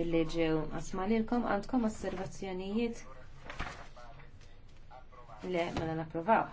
illi ġew asmalilkom għandkom osservazzjonijiet le ma mela napprovaw.